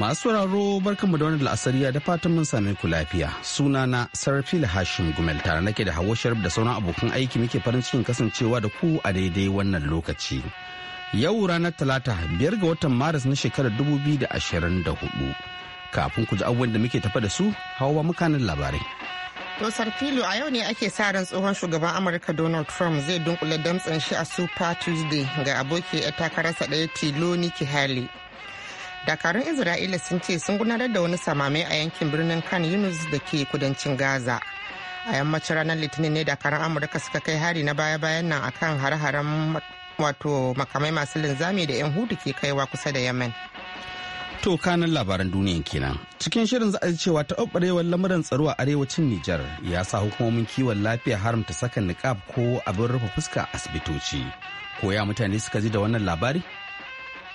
Masu sauraro barkanmu da wani la'asariya da fatan mun same ku lafiya. na Sarfila Hashim Gumel tare nake da hawa Sharif da sauran abokan aiki muke farin cikin kasancewa da ku a daidai wannan lokaci. Yau ranar Talata biyar ga watan Maris na shekarar dubu biyu da ashirin da hudu Kafin ku ji abubuwan da muke tafa da su, hawa mukanin labarai. to sarfilu a yau ne ake sa ran tsohon shugaban Amurka Donald Trump zai dunkule damtsen shi a Super Tuesday ga aboki 'yar takararsa ɗaya tilo Nikki Haley. dakarun isra'ila sun ce sun gudanar da wani samame a yankin birnin kan yunus da ke kudancin gaza a yammacin ranar litinin ne dakarun amurka suka kai hari na baya-bayan nan akan har-haren wato makamai masu linzami da 'yan hudu ke kaiwa kusa da yemen To kanan labaran duniyan kenan. Cikin shirin za a cewa ta ɓarewar lamuran tsaro a arewacin Nijar ya sa hukumomin kiwon lafiya haramta saka niqab ko abin rufe fuska asibitoci. Koya mutane suka ji da wannan labari?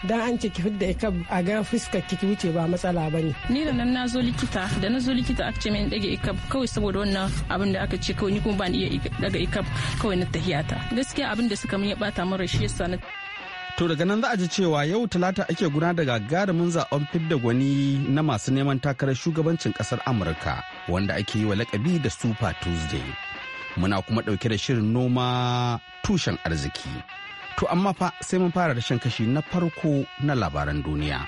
dan an ce ki fidda ka a ga fuskar kiki wuce ba matsala ba ne. Ni da nan na zo likita da na zo likita aka ce min dage ikab kawai saboda wannan abin da aka ce kawai ni kuma ba ni iya daga ikab kawai na tahiyata. Gaskiya abin da suka min ya bata min shi yasa na To daga nan za a ji cewa yau talata ake guna da gagarumin zaben fidda gwani na masu neman takarar shugabancin kasar Amurka wanda ake yi wa lakabi da Super Tuesday. Muna kuma ɗauke da shirin noma tushen arziki. To amma fa sai mun fara da shan kashi na farko na labaran duniya.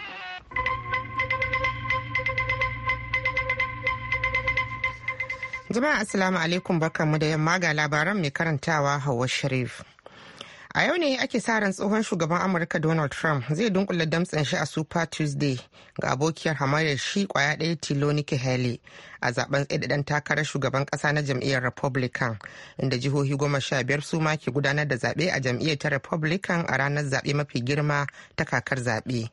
Jama'a Assalamu alaikum barkanmu da yamma ga labaran mai karantawa Hauwa Sharif. A yau ne ake sa ran tsohon shugaban Amurka Donald Trump zai dunkula damtsen shi a Super Tuesday ga abokiyar hamayyar shi kwaya ɗaya tilo Nikki Haley a zaben tsididan takarar shugaban ƙasa na jam'iyyar Republican inda jihohi goma sha biyar su ma ke gudanar da zaɓe a jam'iyyar ta Republican a ranar zaɓe mafi girma ta kakar zaɓe.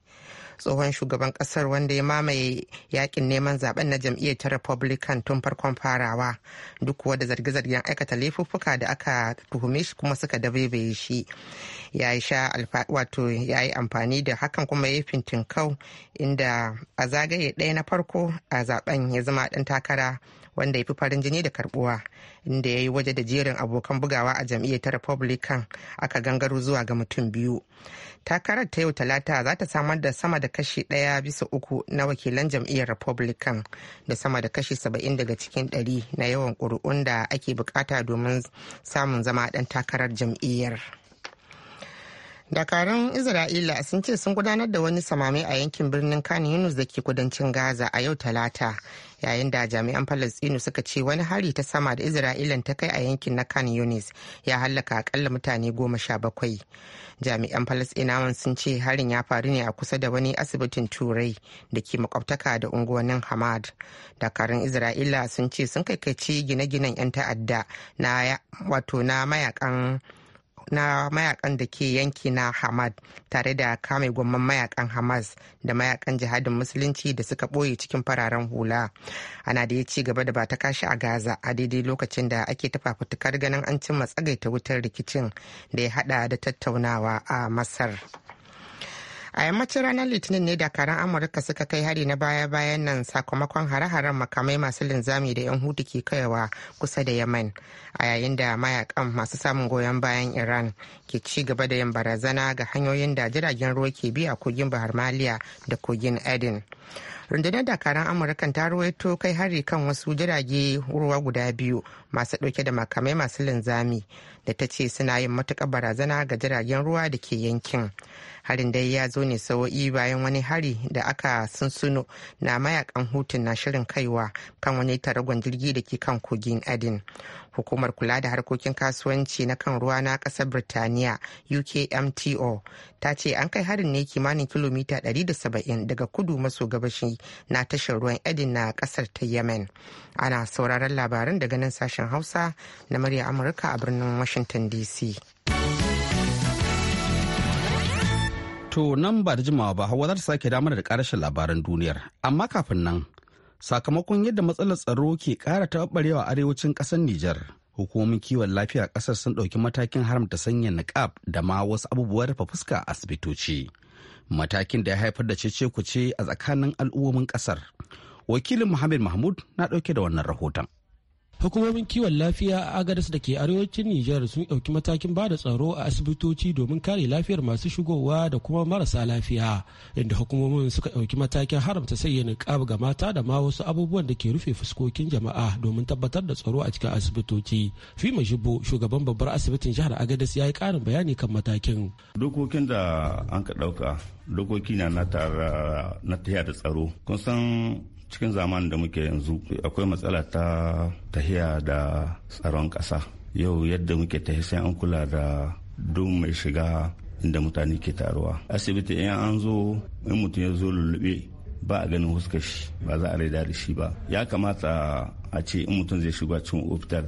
tsohon shugaban kasar wanda ya mamaye yakin neman zaben na jam'iyyar ta republican tun farkon farawa duk kuwa da zarge-zargen aikata laifuffuka da aka tuhume shi kuma suka dabaibaye shi ya yi sha wato ya yi amfani da hakan kuma ya fintin kau inda a zagaye ɗaya na farko a zaben ya zama ɗan takara wanda ya fi farin jini da karbuwa inda ya yi waje da jerin abokan bugawa a jam'iyyar ta republican aka gangaro zuwa ga mutum biyu takarar ta yau talata za ta samar da sama da kashi ɗaya bisa uku na wakilan jam'iyyar republican da sama da kashi saba'in daga cikin ɗari na yawan ƙuri'un da ake bukata domin samun zama ɗan takarar jam'iyyar. dakarun isra'ila sun ce sun gudanar da wani samame a yankin birnin kan yunus da ke kudancin gaza a yau talata yayin da jami'an falastinu suka ce wani hari ta sama da isra'ilan ta kai a yankin na kan yunis ya hallaka akalla mutane goma sha bakwai jami'an falastinawan sun ce harin ya faru ne a kusa da wani asibitin turai da ke makwabtaka da unguwannin hamad dakarun isra'ila sun ce sun kaikaici gine-ginen 'yan ta'adda na wato na mayakan na mayakan da ke yanki na hamad tare da kame gwamman mayakan hamas da mayakan jihadin musulunci da suka ɓoye cikin fararen hula ana da ya ci gaba da ba ta kashi a gaza a daidai lokacin da ake tafa fitukar ganin an cimma tsagaita wutar rikicin da ya haɗa da tattaunawa a masar a yammacin ranar litinin ne dakaran amurka suka kai hari na baya-bayan nan sakamakon hare-haren makamai masu linzami da yan hudu ke kaiwa kusa da yaman a yayin da mayakan masu samun goyon bayan iran ke ci gaba da yin barazana ga hanyoyin da jiragen ruwa ke bi a kogin bahar maliya da kogin edin. rundunar dakaran amurkan ta ruwaito kai hari kan wasu jirage ruwa guda biyu masu dauke da makamai masu linzami da ta ce suna yin matuƙar barazana ga jiragen ruwa da ke yankin harin dai ya zo ne sawo'i bayan wani hari da aka sunsuno na mayakan hutun na shirin kaiwa kan wani taragon jirgi da ke kan kogin adin hukumar kula da harkokin kasuwanci na kan ruwa na kasar birtaniya ukmto ta ce an kai harin ne kimanin kilomita 170 daga kudu maso gabashi na tashar ruwan edin na kasar ta yemen ana sauraron labaran daga nan sashen hausa na murya amurka a birnin washington dc to nan ba da jimawa ba hawa za ta sake damar da karshen labaran duniyar amma kafin nan sakamakon yadda matsalar tsaro ke ƙara a arewacin ƙasar Nijar. Hukumomin kiwon lafiya ƙasar sun ɗauki matakin haramta sanya niqab da ma wasu abubuwan rufe fuska a asibitoci. Matakin da ya haifar da cece kuce a tsakanin al'ummomin ƙasar. Wakilin Muhammad Mahmud na ɗauke da wannan rahoton. hukumomin kiwon lafiya a agadas da ke arewacin nijar sun ɗauki matakin ba da tsaro a asibitoci domin kare lafiyar masu shigowa da kuma marasa lafiya inda hukumomin suka ɗauki matakin haramta sanya niqab ga mata da ma wasu abubuwan da ke rufe fuskokin jama'a domin tabbatar da tsaro a cikin asibitoci fima jibo shugaban babbar asibitin jihar agadas ya yi ƙarin bayani kan matakin dokokin da an ka ɗauka dokoki na na tara na da tsaro kun san cikin zamanin da muke yanzu akwai matsala ta tahiya da tsaron kasa yau yadda muke tahi sai an kula da duk mai shiga inda mutane ke taruwa asibiti in an zo in mutum ya zo lullube ba a ganin huskar shi ba za a raida da shi ba ya kamata a ce in mutum zai shiga cikin ofitar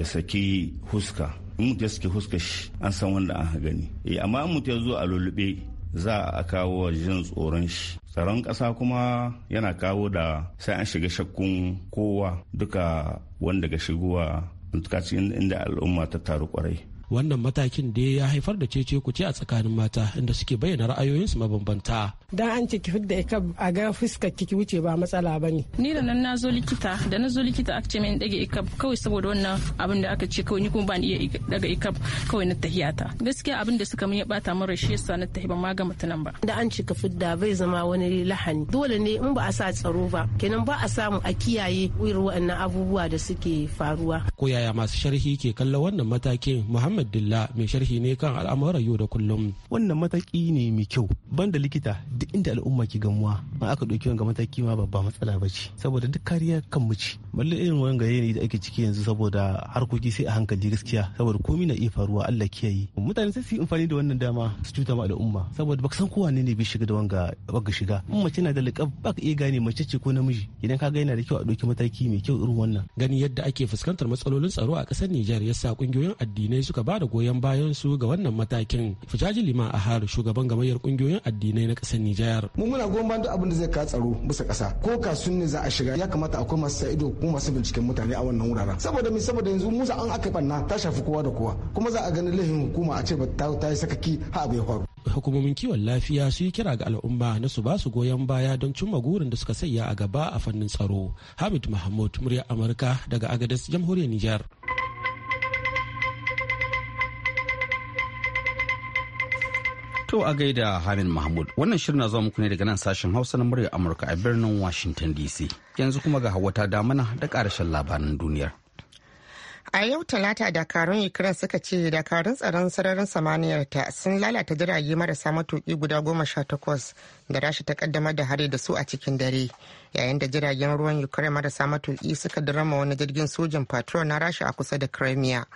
ya saki huska in mutum ya saki huska shi an san wanda an gani eh, amma in mutum ya zo a lulluɓe za a kawo jin tsoron shi tsaron ƙasa kuma yana kawo da sai an shiga shakkun kowa duka wanda ga shigowa inda al'umma ta taru kwarai wannan matakin da ya haifar da cece kuce a tsakanin mata inda suke bayyana ra'ayoyinsu mabambanta dan an ce ki fidda ka a ga fuskar kiki wuce ba matsala ne ni da nan nazo likita da nazo likita aka ce min dage ikab kawai saboda wannan abin da aka ce kawai ni kuma ba iya daga ikab kawai na tahiyata gaskiya abin da suka min ya bata mara shi yasa na tahi ban ma ta nan ba da an ce ka fidda bai zama wani lahani dole ne in ba a sa tsaro ba kenan ba a samu a kiyaye irin waɗannan abubuwa da suke faruwa ko yaya masu sharhi ke kallon wannan matakin muhammad Muhammad Dilla mai sharhi ne kan al'amuran yau da kullum. Wannan mataki ne mai kyau da likita duk inda al'umma ke gamuwa ma aka ɗauki wanga mataki ma babba matsala ba ce saboda duk kariya kan mu ci Mallin irin wanga yanayi da ake ciki yanzu saboda harkoki sai a hankali gaskiya saboda komi na iya faruwa Allah kiyaye. Mutane sai su yi amfani da wannan dama su cuta ma al'umma saboda baka san kowa ne ne bai shiga da wanga baka shiga. In mace na da liƙab baka iya gane mace ce ko namiji idan ka ga yana da kyau a ɗauki mataki mai kyau irin wannan. Gani yadda ake fuskantar matsalolin tsaro a ƙasar Nijar yasa ƙungiyoyin addinai suka ba da goyon bayan su ga wannan matakin fujaji lima har shugaban gamayyar kungiyoyin addinai na kasar nijar mu muna goyon bayan duk abin da zai ka tsaro bisa kasa ko kasuwanni za a shiga ya kamata akwai masu sa ido ko masu binciken mutane a wannan wuraren saboda mi saboda yanzu musa an aka banna ta shafi kowa da kowa kuma za a gani laifin hukuma a ce ba ta yi sakaki ha abu ya faru hukumomin kiwon lafiya su yi kira ga al'umma na su ba su goyon baya don cimma gurin da suka sanya a gaba a fannin tsaro hamid mahmud murya amurka daga agadas jamhuriyar nijar To a gaida Hamid Mahmud wannan shirin na zuwa muku ne daga nan sashen Hausa na murya Amurka a birnin Washington DC. Yanzu kuma ga hawa ta damana da karashen labaran duniyar. A yau talata dakarun Ukraine suka ce dakarun tsaron sararin samaniyar ta sun lalata jirage marasa matuƙi guda goma sha takwas da rasha ta kaddamar da hari da su a cikin dare. yayin da jiragen ruwan ukraine marasa matuki suka durama wani jirgin sojin patrol na rasha a kusa da crimea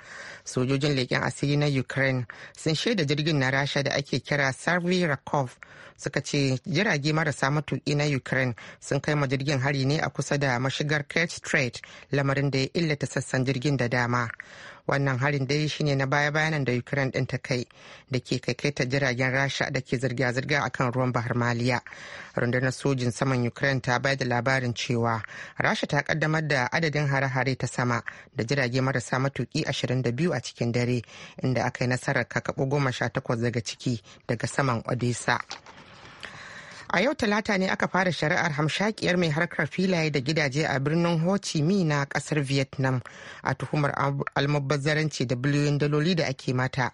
sojojin leƙen asiri na ukraine sun shaida jirgin na rasha da ake kira sarvi rakov suka ce jirage marasa matuki na ukraine sun kai ma jirgin hari ne a kusa da mashigar kerch strait lamarin da ya illata sassan jirgin da dama wannan harin dai shine na baya bayanan da ukraine din ta kai da ke kaikaita jiragen rasha da ke zirga-zirga akan ruwan bahar maliya rundunar sojin saman ukraine ta bayar da labarin cewa rasha ta kaddamar da adadin hare-hare ta sama da jirage marasa matuki 22 a cikin dare inda aka yi nasarar kakaɓo 18 daga ciki daga saman odessa a yau talata ne aka fara shari'ar hamshakiyar mai harkar filaye da gidaje a birnin ho chi minh na kasar vietnam a tuhumar almubazzaranci da biliyoyin daloli da ake mata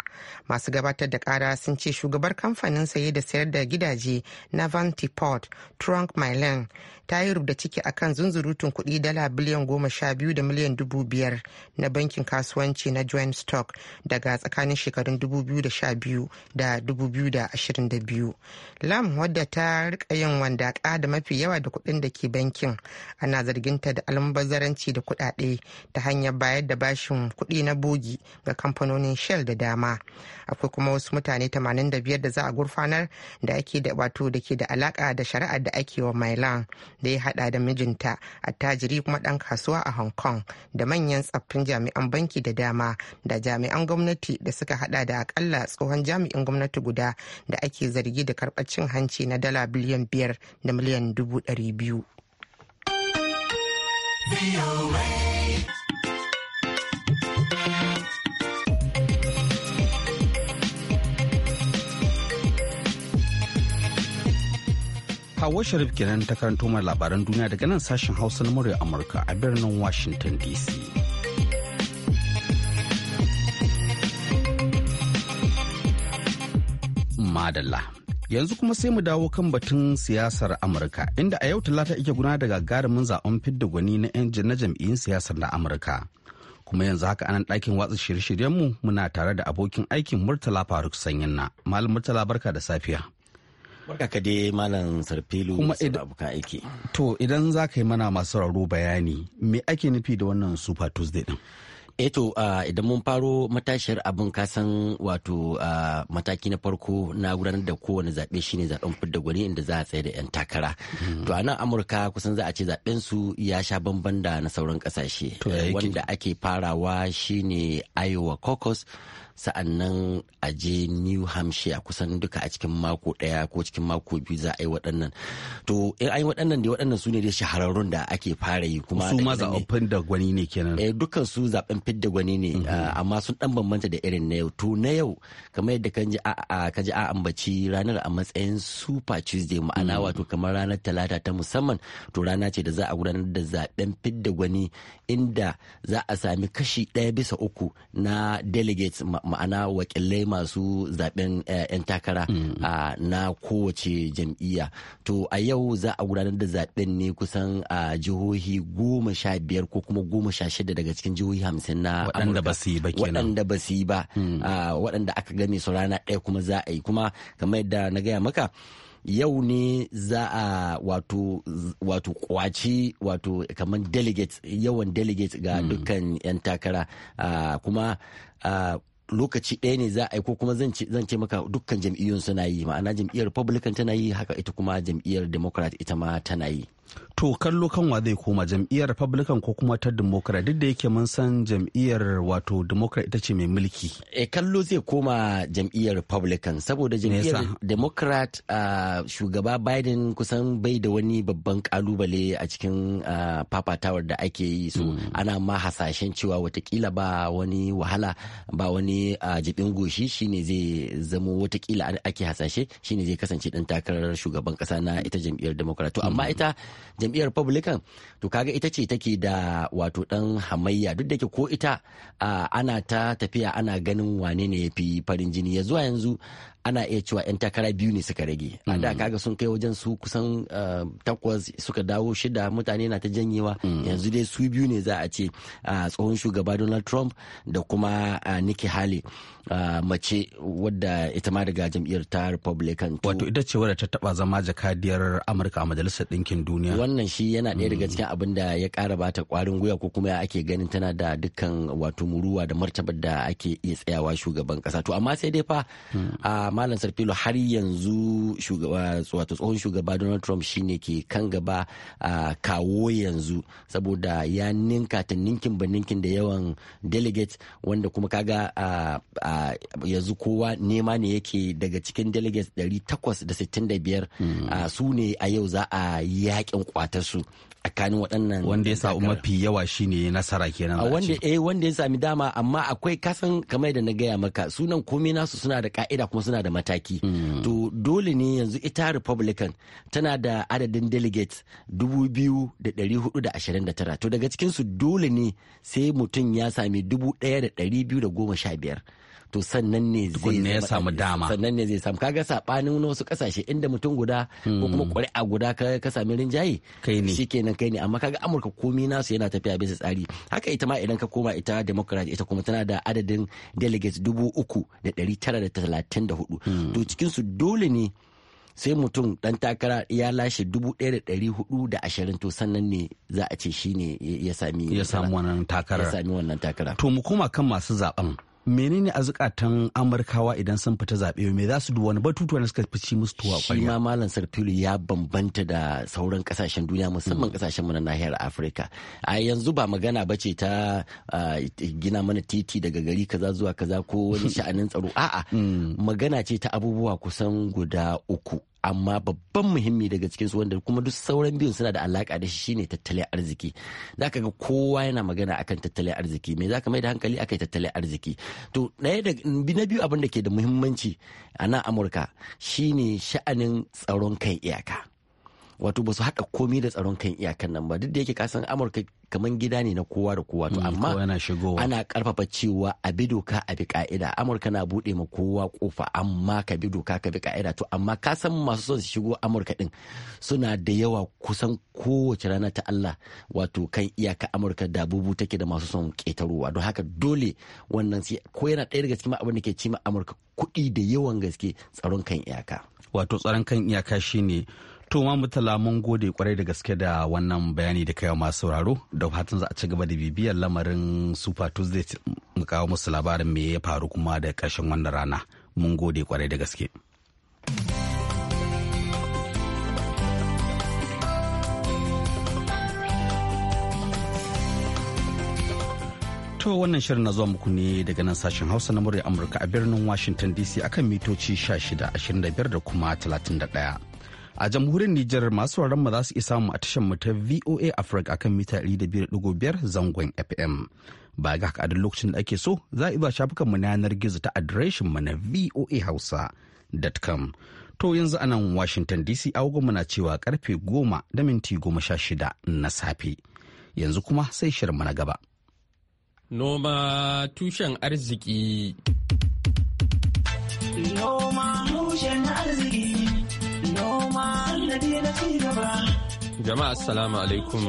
masu gabatar da kara sun ce shugabar kamfanin saye da sayar da gidaje na vantiport trunk mylan ta yi rubda ciki a kan zunzurutun kuɗi dala biliyan goma sha biyu da miliyan dubu biyar na bankin kasuwanci na joint stock daga tsakanin shekarun dubu biyu da sha biyu biyu da da da dubu ashirin biyu. lam wadda ta rika yin wandaƙa da mafi yawa da kuɗin da ke bankin ana zarginta da almubazzaranci da kuɗaɗe ta hanyar bayar da bashin kuɗi na bogi ga kamfanonin shell da dama akwai kuma wasu mutane 85 da za a gurfanar da ake da wato da ke da alaka da shari'ar da ake wa mailan da ya hada da mijinta attajiri kuma dan kasuwa a hong kong da manyan tsaffin jami'an banki da dama da jami'an gwamnati da suka hada da akalla tsohon jami'in gwamnati guda da ake zargi da karɓar cin hanci na dala biliyan biyar da miliyan dubu ɗari biyu. kawo Sharif kenan ta karanto mana labaran duniya daga nan sashen Hausa na murya Amurka a birnin Washington DC. Madalla. Yanzu kuma sai mu dawo kan batun siyasar Amurka inda a yau talata ike guna da gagarumin zaben fidda gwani na 'yan na jam'iyyun siyasar na Amurka. Kuma yanzu haka anan ɗakin watsa shirye-shiryenmu muna tare da abokin aikin Murtala Faruk Sanyinna. Malam Murtala barka da safiya. Barka malam Sarfilu kuma abokan aiki. To idan za ka yi mana masu raro bayani me ake nufi da wannan Super Tuesday din? eto eh idan mun faro matashiyar abin kasan wato mataki na farko na gudanar da kowane zaɓe shine zaɓen fidda gwani inda za a tsaye da 'yan takara hmm. to a nan amurka kusan za a ce zaɓen su ya sha bamban da na sauran ƙasashe wanda ake farawa shine iowa caucus sa'an nan a je new hampshire kusan duka a cikin mako ɗaya ko cikin mako biyu za a yi waɗannan to in an yi waɗannan da waɗannan su ne dai shahararrun da ake fara yi kuma su ma zaɓen da gwani ne kenan eh dukkan su zaɓen fidda gwani ne mhm. ah, amma sun dan bambanta da irin na yau to na yau kamar yadda kan ji a ka ji a ambaci ranar a matsayin super tuesday ma'ana mhm. wato kamar ranar talata ta musamman to rana ce da za a gudanar da zaɓen fidda gwani inda za a sami kashi ɗaya bisa uku na delegates ma'ana wakilai masu zaben 'yan eh, takara mm. na kowace jam'iyya to a yau za a gudanar da zaben ne kusan a jihohi goma sha biyar ko kuma goma sha shida daga cikin jihohi hamsin na waɗanda ba yi ba waɗanda ba su yi ba mm. waɗanda aka gani su rana ɗaya kuma za a yi kuma kamar yadda na gaya maka yau ne za a wato wato kwaci wato kamar delegates yawan delegates ga mm. dukkan 'yan takara kuma lokaci ɗaya ne za a yi ko kuma zan ce maka dukkan jam'iyyun suna yi ma'ana jam'iyyar republican tana yi haka ita kuma jam'iyyar democrat ita ma tana yi to kallo kan wa zai koma jam'iyyar republican ko kuma ta democrat duk da yake mun san jam'iyyar wato democrat ita ce mai mulki e kallo zai koma jam'iyyar republican saboda jam'iyyar democrat uh, shugaba biden kusan bai da wani babban kalubale a cikin uh, fafatawar da ake yi so hmm. ana ma hasashen cewa watakila ba wani wahala ba wani ah, jibin goshi shine zai zamo watakila ake hasashe shine zai kasance dan takarar shugaban kasa na ita jam'iyyar democrat to amma hmm. ita jam'iyyar republican to kaga ita ce take da wato dan hamayya duk da ke ko ita ana ta tafiya ana ganin wane ne ya fi farin jini ya zuwa yanzu ana iya cewa 'yan takara biyu ne suka rage a da mm. kaga sun kai wajen su kusan eh, takwas suka dawo shida mutane na ta janyewa mm. yanzu dai su biyu ne za a ce tsohon shugaba donald trump da kuma nikki haley mace wadda ita ma daga jam'iyyar ta republican wato ita ce wadda ta taba zama jakadiyar amurka a majalisar ɗinkin duniya wannan shi yana ɗaya daga mm. cikin abin da ya ƙara bata ƙwarin gwiwa ko kuma ake ganin tana da dukkan wato muruwa da martabar da ake iya tsayawa shugaban ƙasa to amma sai dai fa malam sarfilo har yanzu wato tsohon shugaba donald trump shine ke kan gaba a kawo yanzu saboda ya ninka ta ninkin ba ninkin da yawan delegates wanda kuma kaga yanzu kowa nema ne yake daga cikin delegates 865 mm. su ne a yau za a yakin kwatar su tsakanin waɗannan wanda ya samu mafi yawa shine nasara kenan a wanda eh wanda ya sami dama amma akwai kasan kamar da na gaya maka sunan komai nasu suna da ka'ida kuma suna da mataki hmm. to dole ne yanzu ita republican tana da adadin delegates dubu biyu da dari hudu da ashirin da tara to daga cikinsu dole ne sai mutum ya sami dubu ɗaya da ɗari biyu da goma sha biyar to sannan ne zai ya samu dama sannan ne zai samu kaga sabanin wasu kasashe inda mutum guda ko hmm. kuma ƙuri'a guda ka sami rinjaye kai ne shikenan kai ne amma kaga Amurka komi nasu yana tafiya bisa tsari haka ita ma idan ka koma ita Democrat ita kuma tana da adadin delegates dubu uku da ɗari tara da talatin da hudu hmm. to cikinsu dole ne sai mutum dan takara ya lashe dubu ɗaya da ɗari hudu da ashirin to sannan ne za a ce shi ne ya sami wannan takara ya sami wannan takara to mu koma kan masu zaben menene a zukatan amurkawa idan sun fita zaɓe me za su ba batutuwa na suka fici musu tuwa ƙwarya shi ma malam sarfilu ya bambanta da sauran kasashen duniya musamman kasashen mu na nahiyar afirka a yanzu ba magana bace ta gina mana titi daga gari kaza zuwa kaza ko wani sha'anin tsaro a'a mm. magana ce ta abubuwa kusan guda uku amma babban muhimmi daga cikin su wanda kuma duk sauran biyun suna da alaka da shi shine tattalin arziki zaka ga kowa yana magana akan tattalin arziki me zaka mai da hankali akai tattalin arziki to ɗaya da na biyu abin da ke da muhimmanci a nan amurka shine sha'anin tsaron kai iyaka wato ba su haɗa komai da tsaron kan iyakan nan ba duk da yake kasan amurka kamar gida ne na kowa da kowa to mm, amma ana karfafa cewa a bi doka a bi ka'ida amurka na buɗe ma kowa kofa amma ka bi doka ka bi ka'ida to amma ka san masu son su shigo amurka din suna da yawa kusan kowace rana ta Allah wato kan iyaka amurka da bubu take da masu son ƙetarowa don haka dole wannan ko yana ɗaya daga cikin abin da ke cima amurka kuɗi da yawan gaske tsaron kan iyaka wato tsaron kan iyaka shine To mutala mun gode kwarai da gaske da wannan bayani da kai masu sauraro da fatan za a ci gaba da bibiyar lamarin Super Tuesday mu kawo musu labarin me ya faru kuma da ƙarshen wannan rana. Mun gode kwarai da gaske. To wannan shirin na zuwa muku ne daga nan sashen Hausa na murya Amurka a birnin Washington DC akan mitoci 16, 25 da kuma 31. a jamhuriyar Nijar masu sauraron mu za su isa mu a tashar mu ta VOA Africa akan mita 200.5 zangon FM. Ba ga haka a lokacin da ake so za a iya shafukan mu na yanar gizo ta adireshin mu na voahausa.com. To yanzu anan Washington DC agogon na cewa karfe goma da minti goma sha shida na safe. Yanzu kuma sai shirin na gaba. Noma tushen arziki. Noma tushen arziki. Jama'a assalamu alaikum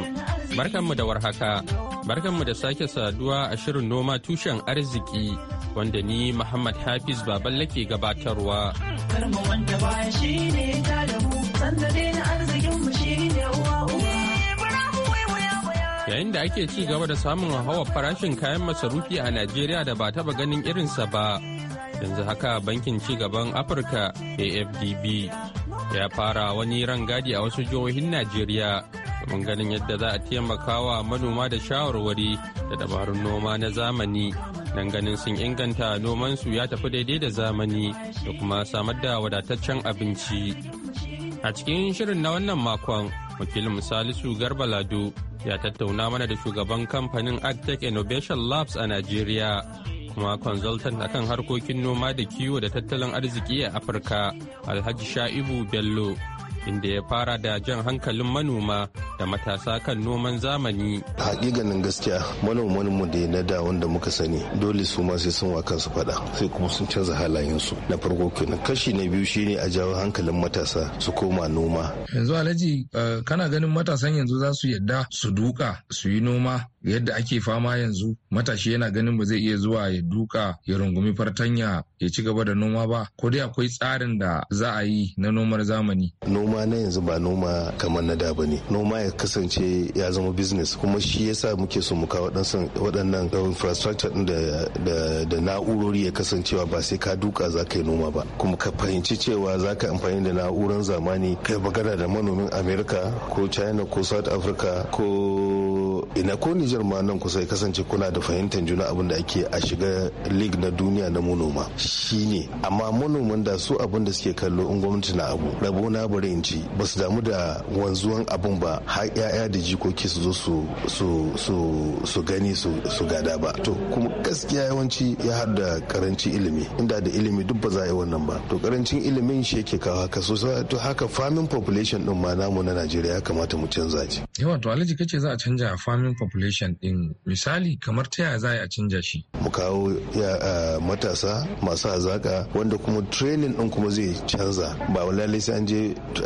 barkanmu da warhaka barkanmu da sake saduwa a shirin noma tushen arziki wanda ni Muhammad Hafiz baban lake gabatarwa. Yayin da ake ci gaba da samun hawa farashin kayan masarufi a Najeriya da ba taba ganin irinsa ba. Yanzu haka bankin ci gaban Afirka AFDB ya fara wani rangadi a wasu jihohin Najeriya domin ganin yadda za a taimaka wa manoma da shawarwari da dabarun noma na zamani nan ganin sun inganta nomansu ya tafi daidai da zamani da kuma samar da wadataccen abinci. A cikin shirin na wannan makon, wakilin Salisu Garba Lado ya tattauna mana da shugaban kamfanin Agtech Innovation Labs a Najeriya. kuma consultant akan harkokin noma da kiwo da tattalin arziki a Afirka Alhaji Sha'ibu Bello inda ya fara da jan hankalin manoma da matasa kan noman zamani. Hakikanin gaskiya manoman mu da na da wanda muka sani dole su ma sai sun wa su fada sai kuma sun canza su na farko kenan kashi na biyu shine a jawo hankalin matasa su koma noma. Yanzu Alhaji eh, kana ganin matasan yanzu za su yadda su duka su yi noma yadda ake fama yanzu matashi yana ganin ba zai iya zuwa ya duka ya rungumi fartanya ya ci gaba da noma ba ko dai akwai tsarin da za a yi na nomar zamani noma na yanzu ba noma kamar na da ne noma ya kasance ya zama business kuma shi yasa muke so mu waɗannan eh, infrastructure ɗin da na'urori ya kasancewa ba sai ka duka za ka yi noma ba kuma ka fahimci cewa za ka amfani da na'urar zamani kai magana da manomin america ko china ko south africa ko ina ko Nijar ma nan kusa ya kasance kuna da fahimtar juna abin da ake a shiga league na duniya na manoma shine amma manoman da su abin da suke kallo in gwamnati na abu rabo na bari in ci ba su damu da wanzuwan abun ba har ya'ya da jikoki su zo su su gani su gada ba to kuma gaskiya yawanci ya hada karancin ilimi inda da ilimi duk ba za a yi wannan ba to karancin ilimin shi yake kawo haka so to haka farming population din ma namu na Najeriya ya kamata mu canza ji yawa to alhaji kace za a canja farming population din misali kamar ta yaya za a canja shi mu kawo matasa masu hazaka wanda kuma training din kuma zai canza ba lalai sai an je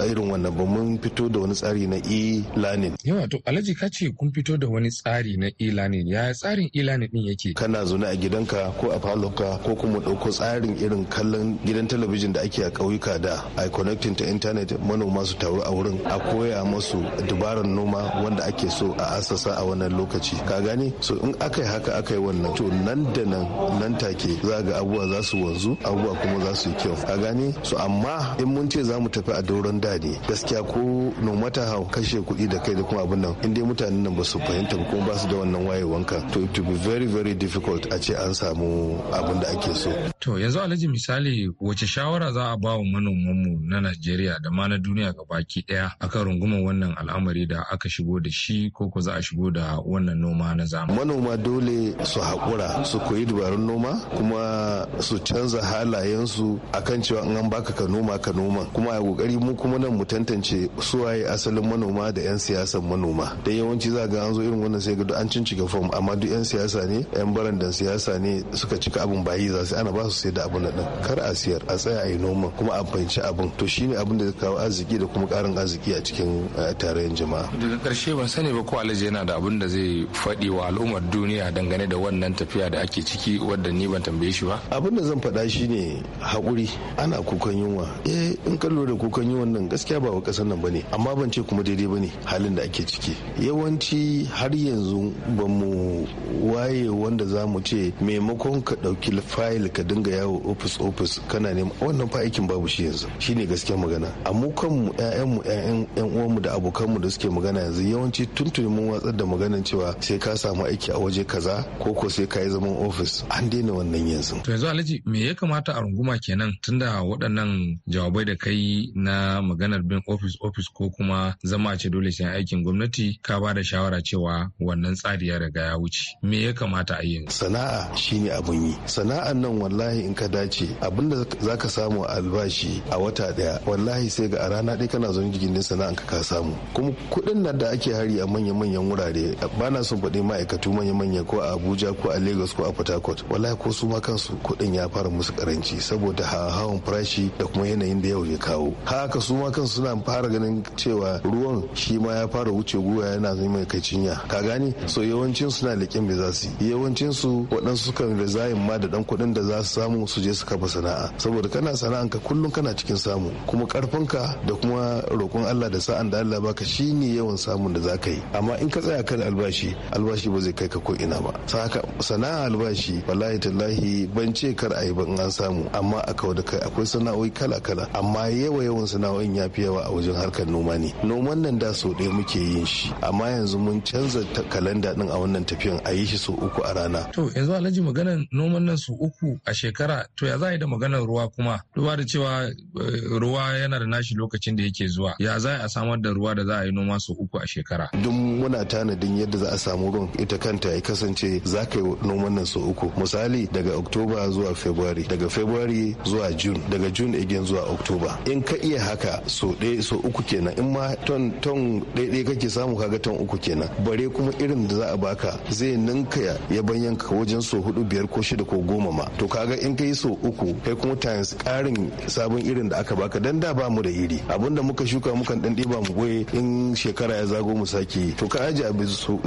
irin wannan ba mun fito da wani tsari na e-learning yawa to alhaji ka ce kun fito da wani tsari na e-learning ya tsarin e-learning din yake kana zaune a gidanka ko a ka ko kuma dauko tsarin irin kallon gidan talabijin da ake a ƙauyuka da a connecting ta intanet manoma su taru a wurin a koya musu dabarar noma wanda ake so a asasa a wannan lokaci ka gane so in aka yi haka aka yi wannan to nan da nan nan take za ga abubuwa za su wanzu abubuwa kuma za su yi kyau ka gane so amma in mun ce za mu tafi a doron da ne gaskiya ko no mata hau kashe kuɗi da kai da kuma abin nan in dai mutanen nan ba su fahimta ba kuma ba su da wannan wayewanka to it be very very difficult a ce an samu abin da ake so to yanzu alhaji misali wace shawara za a ba wa manomanmu na Najeriya da ma na duniya ki daya akan rungumar wannan al'amari da aka shigo da shi ko ko za a shigo shigo da wannan noma na zamani. Manoma dole su haƙura su koyi dabarun noma kuma su canza halayensu akan cewa in an baka ka noma ka noma kuma a kokari mu kuma nan mu tantance suwaye asalin manoma da 'yan siyasan manoma da yawanci za ga an zo irin wannan sai ga an cincika fom amma duk 'yan siyasa ne 'yan barandan siyasa ne suka cika abin bayi za su ana ba su sai da abin nan kar a siyar a tsaya a yi noma kuma a fahimci abin to shine abin da ya kawo arziki da kuma karin arziki a cikin eh, tarayyar jama'a daga karshe ban sani ba ko alhaji yana da da abin da zai faɗi wa al'ummar duniya dangane da wannan tafiya da ake ciki wadda ni ban tambaye shi ba abin da zan faɗa shine haƙuri ana kukan yunwa eh in ka lura da kukan yunwa nan gaskiya ba wa ƙasar nan bane amma ban ce kuma daidai bane halin da ake ciki yawanci har yanzu ba mu waye wanda za mu ce maimakon ka ɗauki fayil ka dinga yawo ofis ofis kana neman wannan fa aikin babu shi yanzu shine gaskiya magana a mu kanmu 'ya'yanmu 'ya'yan 'yan uwanmu da abokanmu da suke magana yanzu yawanci tuntuni mun watsa watsar da maganin cewa sai ka samu aiki a waje kaza ko ko sai ka yi zaman ofis an daina wannan yanzu. To yanzu Alhaji me ya kamata a runguma kenan tunda waɗannan jawabai da kai na maganar bin ofis ofis ko kuma zama ce dole sai aikin gwamnati ka ba da shawara cewa wannan tsari ya riga ya wuce me ya kamata a yi. Sana'a shine abun yi sana'an nan wallahi in ka dace abinda za ka samu albashi a wata daya wallahi sai ga a rana ɗaya kana zo jikin sana'an ka ka samu kuma kuɗin nan da ake hari a manya-manyan wurare wurare ba na son kuɗi ma'aikatu manya-manya ko a abuja ko a lagos ko a port harcourt wallahi ko su ma kansu kuɗin ya fara musu karanci saboda hawan farashi da kuma yanayin da yau ya kawo haka su ma kansu suna fara ganin cewa ruwan shi ma ya fara wuce guwa yana zama kai cinya ka gane so yawancin na leƙen me za su yi yawancin su waɗansu sukan rizayin ma da ɗan kuɗin da za su samu su je su kafa sana'a saboda kana ka kullum kana cikin samu kuma ƙarfinka da kuma roƙon Allah da sa'an da Allah baka shine yawan samun da za ka yi amma in ka tsaya kan albashi albashi ba zai kai ka ko ina ba saka sana'a albashi wallahi tallahi ban ce kar a yi ban an samu amma a kawo da kai akwai sana'o'i kala kala amma yawa yawan sana'o'in ya fi yawa a wajen harkar noma ne noman nan da sau ɗaya muke yin shi amma yanzu mun canza kalanda din a wannan tafiyan a yi shi sau uku a rana. to yanzu alhaji maganar noman nan uku a shekara to ya za a yi da maganar ruwa kuma duba da cewa eh, ruwa yana da nashi lokacin da yake zuwa ya za a samar da ruwa da za a yi noma sau uku a shekara. duk muna ta tanadin yadda za a samu ruwan ita kanta ya kasance za ka yi noman nan sau uku misali daga oktoba zuwa february daga february zuwa june daga june again zuwa oktoba in ka iya haka so ɗaya so uku kenan in ma ton ton ɗaya kake samu kaga ton uku kenan bare kuma irin da za a baka zai ninka ya ka wajen so hudu biyar ko shida ko goma ma to ga in ka yi so uku kai kuma times ƙarin sabon irin da aka baka dan da ba mu da iri abinda muka shuka mukan dan ɗiba mu goye in shekara ya zago mu sake to ka aje abin su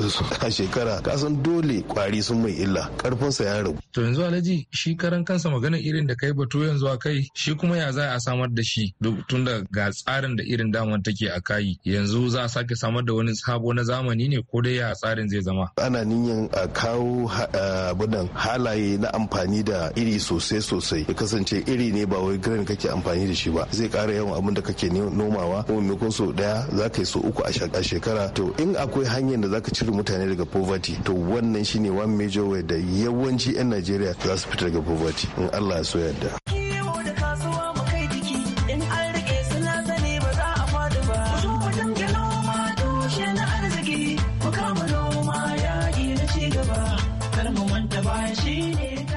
a shekara kasan dole kwari sun mai illa karfinsa ya rabu. To yanzu Alhaji shi karan kansa magana irin da kai batu yanzu a kai shi kuma ya za a samar da shi duk tun da ga tsarin da irin daman take a kayi yanzu za a sake samar da wani sabo na zamani ne ko dai ya tsarin zai zama. Ana niyan a kawo eh, abudan halaye na amfani da iri sosai sosai ya kasance iri ne ba wai grain kake amfani da shi ba zai kara yawan abin da kake nomawa ko maimakon so daya za ka yi so uku a shekara to in akwai hanya hanyar da zaka cire mutane daga poverty to wannan shine one major way da yawanci 'yan najeriya za su fita daga poverty in allah ya so yarda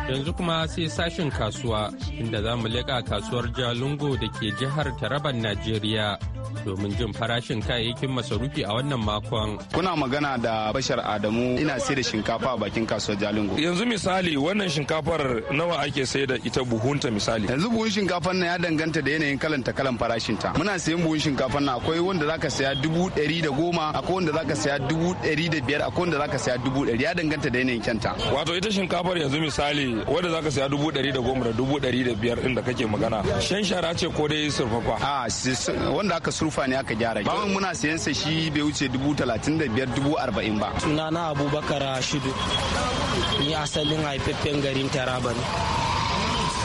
yanzu kuma sai sashen kasuwa inda za mu leƙa kasuwar jalungo da ke jihar taraban najeriya domin jin farashin kayayyakin masarufi a wannan makon. Kuna magana da Bashar Adamu ina sai da shinkafa a bakin kasuwar Jalingo. Yanzu misali wannan shinkafar nawa ake sai da ita buhunta misali. Yanzu buhun shinkafar na ya danganta da yanayin kalan ta kalan farashin ta Muna sayan buhun shinkafar na akwai wanda zaka saya dubu ɗari da goma akwai wanda zaka saya dubu ɗari da biyar akwai wanda zaka saya dubu ɗari ya danganta da yanayin kyanta. Wato ita shinkafar yanzu misali wanda zaka saya dubu ɗari da goma da dubu ɗari da biyar ɗin da kake magana. Shan shara ce ko dai surfafa. A ah, wanda aka surfa tifa ne aka gyara bawan muna sayan sa shi bai wuce dubu talatin da biyar dubu arba'in ba suna na abubakar shidu ni asalin haifaffen garin taraba ne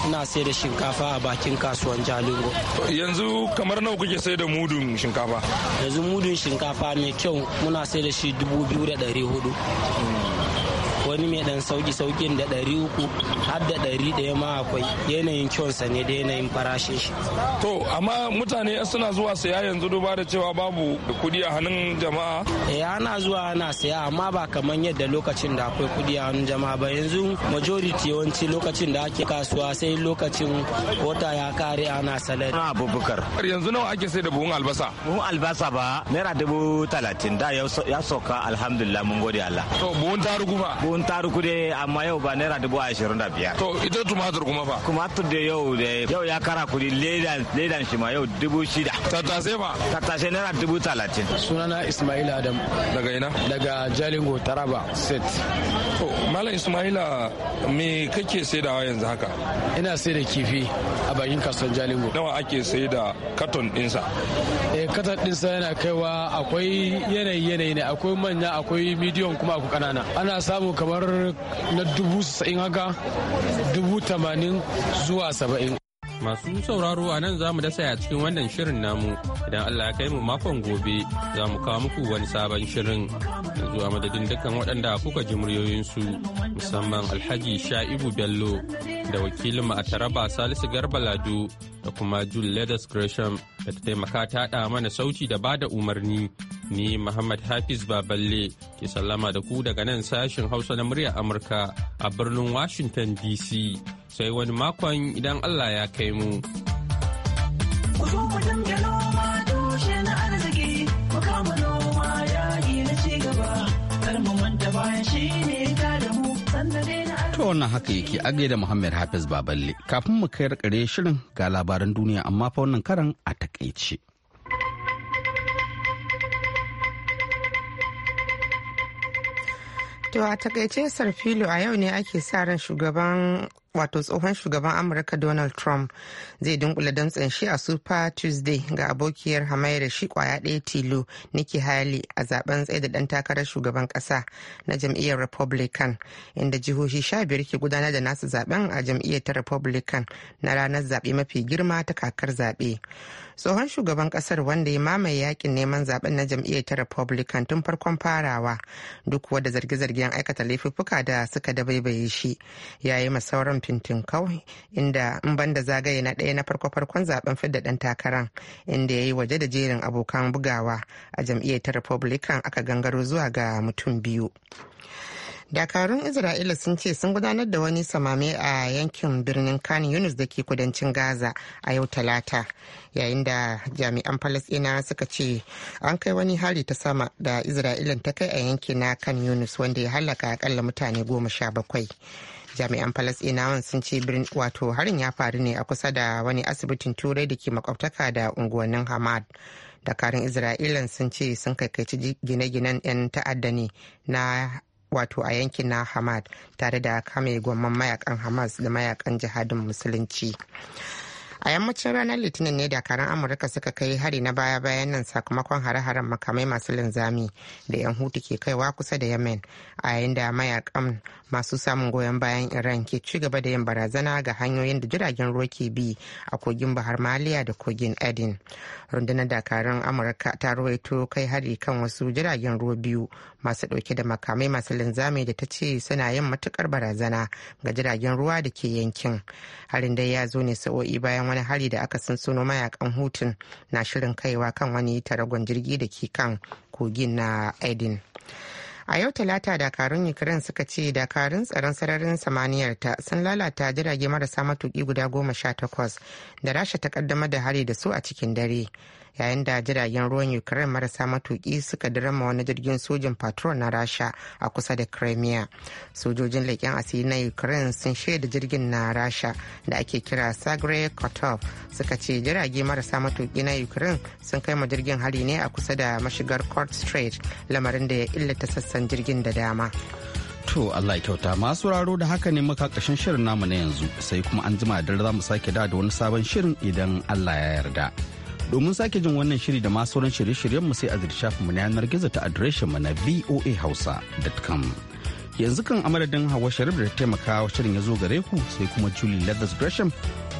ina sai da shinkafa a bakin kasuwan jalingo yanzu kamar nawa kuke sai da mudun shinkafa yanzu mudun shinkafa mai kyau muna sai da shi dubu biyu da ɗari hudu wani mai dan sauki saukin da ɗari uku har da ɗari ɗaya ma akwai yanayin kyonsa ne da yanayin farashin shi. To amma mutane suna zuwa saya yanzu duba da cewa babu kuɗi a hannun jama'a. E ana zuwa ana saya amma ba kamar yadda lokacin da akwai kuɗi a hannun jama'a ba yanzu majority yawanci lokacin da ake kasuwa sai lokacin wata ya kare ana salari. Na abubakar. Yanzu nawa ake sai da buhun albasa? Buhun albasa ba naira dubu talatin da ya sauka alhamdulillah mun gode Allah. To buhun tarugu ba? buhun taruku dai amma yau ba naira dubu ashirin da biyar. To ita tumatur kuma fa? Tumatur da yau da yau ya kara kudi ledan ledan shi ma yau dubu shida. Tattase fa? Tattase naira dubu talatin. Sunana Ismail Adam. Daga ina? Daga Jalingo Taraba set. To Malam Ismaila me kake saidawa yanzu haka? Ina sai da kifi a bakin kasuwar Jalingo. Nawa ake sai da katon ɗinsa? Eh katon ɗinsa yana kaiwa akwai yanayi yanayi ne akwai manya akwai medium kuma akwai ƙanana. Ana samu kamar na dubu haka dubu tamanin zuwa saba'in Masu sauraro a nan za mu dasa a cikin wannan shirin namu idan Allah ya kai mu makon gobe za mu kawo muku wani sabon shirin. Yanzu a madadin dukkan waɗanda kuka ji muryoyinsu musamman Alhaji Sha'ibu Bello da wakilin ma a Taraba Salisu Garba Lado da kuma Jul Leathers Gresham da ta taimaka ta d'a mana sauti da bada umarni. Ni Muhammad Hafiz Baballe ke sallama da ku daga nan sashin Hausa na murya Amurka a birnin Washington DC. sai wani makon idan Allah ya kai mu. To wannan haka yake agai da Muhammad Hafiz Baballe kafin mu kai rakare shirin ga labaran duniya amma fa wannan karan a takaice. To a takaice Sarfilo a yau ne ake sa ran shugaban wato tsohon shugaban amurka donald trump zai dunkula damtsen shi a super tuesday ga abokiyar hamayar shi kwaya daya tilo nikki haley a zaben tsaye da dan takarar shugaban kasa na jam'iyyar republican inda jihohi sha biyar ke gudanar da nasu zaben a jam'iyyar ta republican na ranar zaɓe mafi girma ta kakar zaɓe tsohon shugaban kasar wanda ya mamaye yakin neman zaben na jam'iyyar ta republican tun farkon farawa duk wadda zarge-zargen aikata laifuka da suka dabaibaye shi ya yi masauran fintin kawai inda in banda zagaye na ɗaya na farko-farkon zaben fidda ɗan takaran inda ya yi waje da jerin abokan bugawa a jam'iyyar ta republican aka gangaro zuwa ga mutum biyu dakarun isra'ila sun ce sun gudanar da wani samame a yankin birnin kan yunus da ke kudancin gaza a yau talata yayin da jami'an falasina suka ce an kai wani hari ta sama da isra'ilan ta kai a yankin na kan yunus wanda ya halaka akalla mutane goma sha bakwai jami'an falasɗinawan sun ce wato harin ya faru ne a kusa da wani asibitin turai da ke makwabtaka da unguwannin hamad dakarun isra'ilan sun ce sun kaikaici gine-ginen 'yan ta'adda ne na wato a yankin na hamad tare da kame gwamman mayakan hamas da mayakan jihadin musulunci a yammacin ranar litinin ne dakaran amurka suka kai hari na baya-bayan nan sakamakon hare-haren makamai masu linzami da 'yan hutu ke kaiwa kusa da yemen a yayin da mayakan masu samun goyon bayan iran ke ci gaba da yin barazana ga hanyoyin da jiragen ruwa ke bi a kogin bahar maliya da kogin edin rundunar dakarun amurka ta ruwaito kai hari kan wasu jiragen ruwa biyu masu dauke da makamai masu linzami da ta ce suna yin matukar barazana ga jiragen ruwa da ke yankin harin dai ya zo ne sa'o'i bayan wani hari da aka sunsuno mayakan hutun na shirin kaiwa kan wani taragon jirgi da ke kan kogin na aidin a yau talata dakarun ukraine suka ce dakarun tsaron sararin samaniyar ta sun lalata jirage marasa matuki guda goma sha takwas da rasha ta kaddamar da hari da su a cikin dare yayin da jiragen ruwan ukraine marasa matuki suka dirama wani jirgin sojin patrol na rasha a kusa da crimea sojojin leƙen asiri na ukraine sun shaida jirgin na rasha da ake kira sagre kotov suka ce jirage marasa matuki na ukraine sun kai ma jirgin hari ne a kusa da mashigar court strait lamarin da ya illata sassan jirgin da dama To Allah kyauta masu raro da haka ne muka shirin namu na yanzu sai kuma an jima da za mu sake da wani sabon shirin idan Allah ya yarda. Domin sake jin wannan shiri da ma sauran shirye-shiryenmu sai a mu na yanar gizo ta mu na voahausa.com. yanzu kan amadadin Hauwa sharif da taimaka wa shirin ya zo gare ku sai kuma julie leathers gresham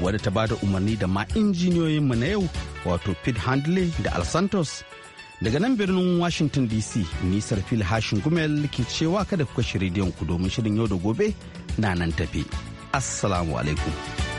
wadda ta bada umarni da ma injiniyoyin mu na yau wato pete handley da al santos daga nan birnin washington dc nisar fil hashin gumel ke cewa kada kuka shirya ku domin shirin yau da gobe na nan tafi assalamu alaikum